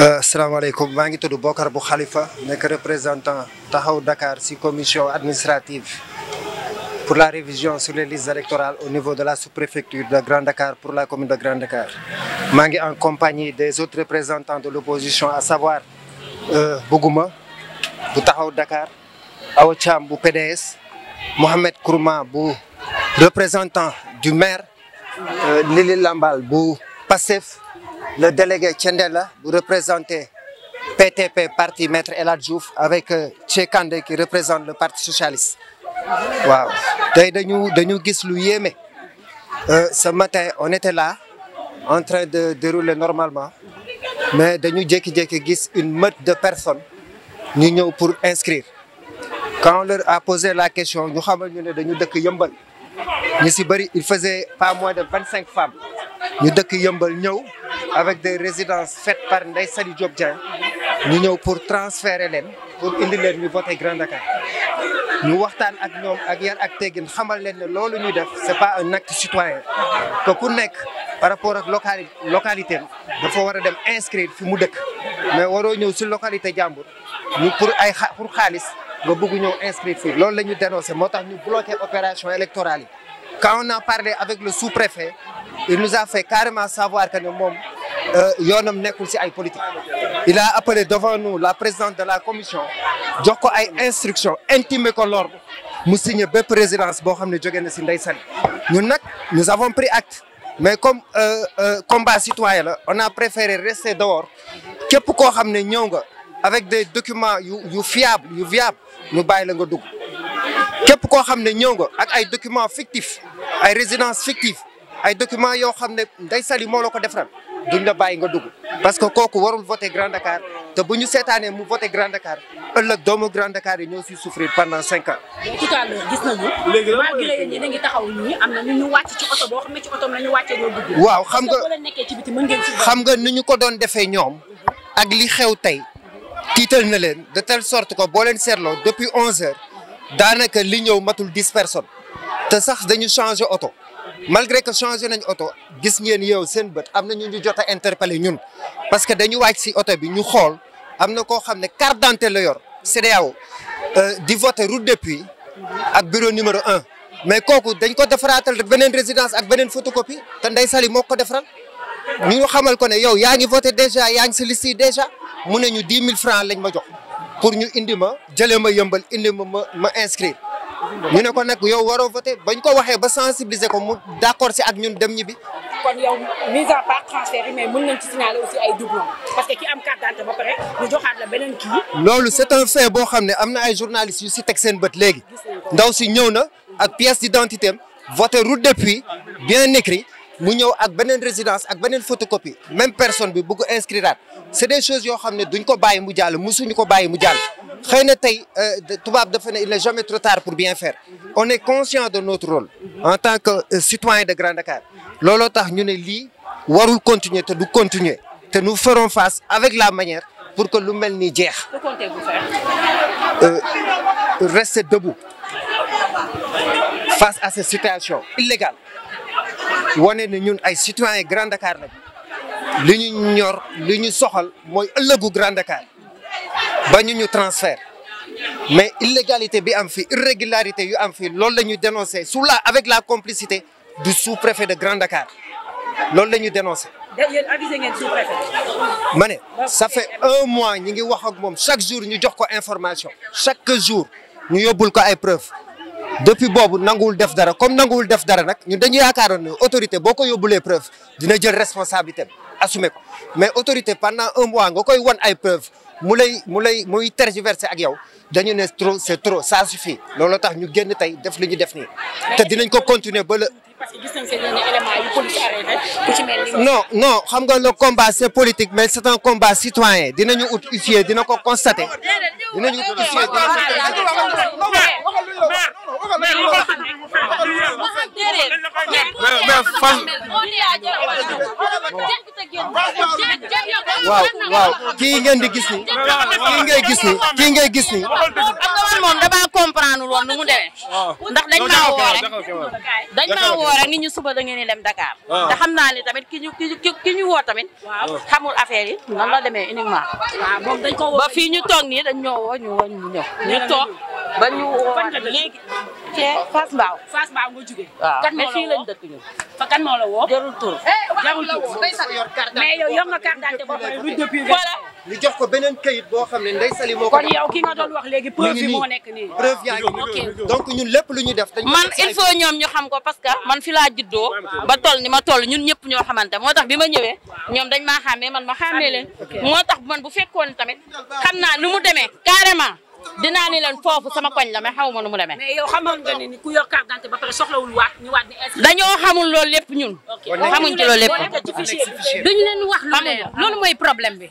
Euh, salaamaaleykum maa ngi tudd Bokar bu Khalifa nekk représentant taxaw Dakar ci commission administrative pour la révision sur les listes électorales au niveau de la sous-préfecture de grande Dakar pour la commune de Grand Dakar. maa ngi en compagnie des autres représentants de l'opposition à savoir euh, Bougouma bu taxaw Dakar Awa Thiam bu PDS Mohamed Kourma bu représentant du maire euh, Lili Lambal bu PASTEF. le délégué Tchendela, vous représentez PTP, parti Maître la Diouf, avec Tchekande euh, qui représente le Parti Socialiste. Wow. Euh, ce matin, on était là, en train de dérouler normalement, mais dañu nous gis une meute de personnes nous pour inscrire. Quand on leur a posé la question, ñu ñu ne dañu savons que ñu si Yombol. Ils faisaient pas moins de 25 femmes. ñu sommes Yombol, nous avec des résidences faites par Ndeye Saly Diop Dieng ñu ñëw pour transférer leen pour indi leen ñu voté Grand Dakar ñu waxtaan ak ñoom ak yar ak teggin xamal leen ne loolu ñuy def c'est pas un acte citoyen que ku nekk par rapport ak locali localité dafa war a dem inscrire fi mu dëkk mais waroo ñëw si localité jàmbur ñu pour ay pour xaalis nga bëgg ñëw inscrire fii loolu la ñu dénoncé moo tax ñu bloqué opération électorale yi quand on a parlé avec le sous-préfet il nous a fait carrément savoir que moom Euh, yoonam nekkul si ay politique il a appelé devant nous la présidente de la commission jox ko ay instruction intimé ko l'ordre mu signé bépp résidence boo xam ne jóge na si Ndeye Saly ñun nag nous avons pris acte mais comme euh, euh, combat citoyen la on a préféré rester dehors képp koo xam ne ñëw nga avec des documents yu yu fiable yu viable ñu bàyyi la nga dugg képp koo xam ne ñëw nga ak ay documents fictifs ay résidence fictives ay documents yoo xam ne Ndeye Saly moo la ko defaral duñ la bàyyi nga dugg parce que kooku warul vote Grand Dakar te bu ñu seetaanee mu voter Grand Dakar ëllëg doomu Grand Dakar yi ñoo siy souffrir pendant cinq ans. xam ne ci oto waaw xam nga xam ni ñu ko doon defee ñoom. ak li xew tey. tiital na leen de telle sorte que boo leen seetloo depuis onze heures daanaka li ñëw matul dix personnes te sax dañu changer oto. malgré que changé nañ oto gis ngeen yow seen bët am na ñu ñu jot a ñun parce que dañu wàcc si oto bi ñu xool am na koo xam ne carte d'identité la yor CEDEAO euh, di voté route de Puy ak bureau numéro un mais kooku dañ ko defaraatal beneen résidence ak beneen photocopie te Ndeye Saly moo ko defaral ñu xamal ko ne yow yaa ngi voté déjà yaa ngi si déjà mu ne ñu dix mille francs lañ ma jox pour ñu indi ma jëlee ma yëmbal indi ma ma ma inscrire ñu ne ko nag yow waroo voté bañ ko waxee ba sensibiliser ko mu d'accord si ak ñun dem ñibbi. kon yow parce que ki am carte d'identité ba pare ñu joxaat la beneen kii. loolu c'est un fait boo xam ne am na ay journalistes yu si teg seen bët léegi ndaw si ñëw na ak pièce d'identité am voté route depuis bien écrit mu ñëw ak beneen résidence ak beneen photocopie même personne bi bëgg inscriraat c'est des choses yoo xam ne duñ ko bàyyi mu jàll musuñu ko bàyyi mu jàll. xëy na tey euh, tubaab dafa ne il n'est jamais trop tard pour bien faire on est conscient de notre rôle en tant que euh, citoyen de Grand Dakar looloo tax ñu ne lii warul continuer te du continuer te nu ferons face avec la manière pour que lu mel ni jeex. que comptez-vous faire? Euh, debout face à cette situation illégale wane ne ñun ay citoyens Grand Dakar lañu li ñu ñor li ñu soxal mooy ëllëgu Grand Dakar. ba ñu ñu transfert mais illégalité bi am fi irrégularité yu am fi loolu la ñu dénoncé sous la avec la complicité du sous-préfet de grande Dakar loolu la ñu dénoncé. yéen avisé ngeen ne ça fait un mois ñi ngi wax ak moom chaque jour ñu jox ko information chaque jour ñu yóbbul ko ay preuves depuis boobu nanguwul def dara comme nanguwul def dara nag ñun dañu yaakaaroon ne autorité boo ko yóbbulee preuve dina jël responsabilité bi assumer ko mais autorité pendant un mois nga koy wan ay preuves. mu lay mu lay muy tergiversé ak yow dañu ne trop c'est trop ça suffit looloo tax ñu génn tey def lu ñu def nii te dinañ ko continuer ba la. xam nga le combat c'est politique mais c'est un combat citoyen dinañu ut huissier dina ko constater dina ko constater. mais waaw waaw kii ngeen di gis ni kii ngay gis ni kii ngay gis ni man moom damaa comprendre woon nu mu demee ndax dañ maa woo dañ maa woo ni ñu suba da ngeen di dem Dakar te xam naa ni tamit ki ñu woo tamit xamul affaire yi nan la demee uniquement ba fii ñu toog nii dañ ñoo woo ñu woo ñu ñëw ñu toog ba ñu fan nga dëkk léegi. cee Fass Mbao. Fass Mbao nga jugee. waaw kan moo la woo fii lañ kan moo la woo. jarul tur eh, jarul tur mais yow yor nga carte d'identité boo xam ne ruj jox ko beneen kayit boo xam ne Ndeye Saly moo ko. kon yow ki nga doon wax léegi preuve bi moo nekk nii. preuve yaa ngi donc lépp lu ñu def. dañu man il faut ñoom ñu xam ko parce que man fi laa juddoo ba toll ni ma toll ñun ñëpp ñoo xamante moo tax bi ma ñëwee ñoom dañ maa xàmmee man ma xàmmee leen. moo tax man bu fekkoon tamit xam naa nu mu demee carrément dinaa ni leen foofu sama koñ la mais xaw ma nu mu demee. mais yow xamoon nga ni ku ba pare soxlawul waat dañoo xamul loolu lépp ñun. xamuñ ci loolu lépp. duñu leen wax loolu mooy problème bi.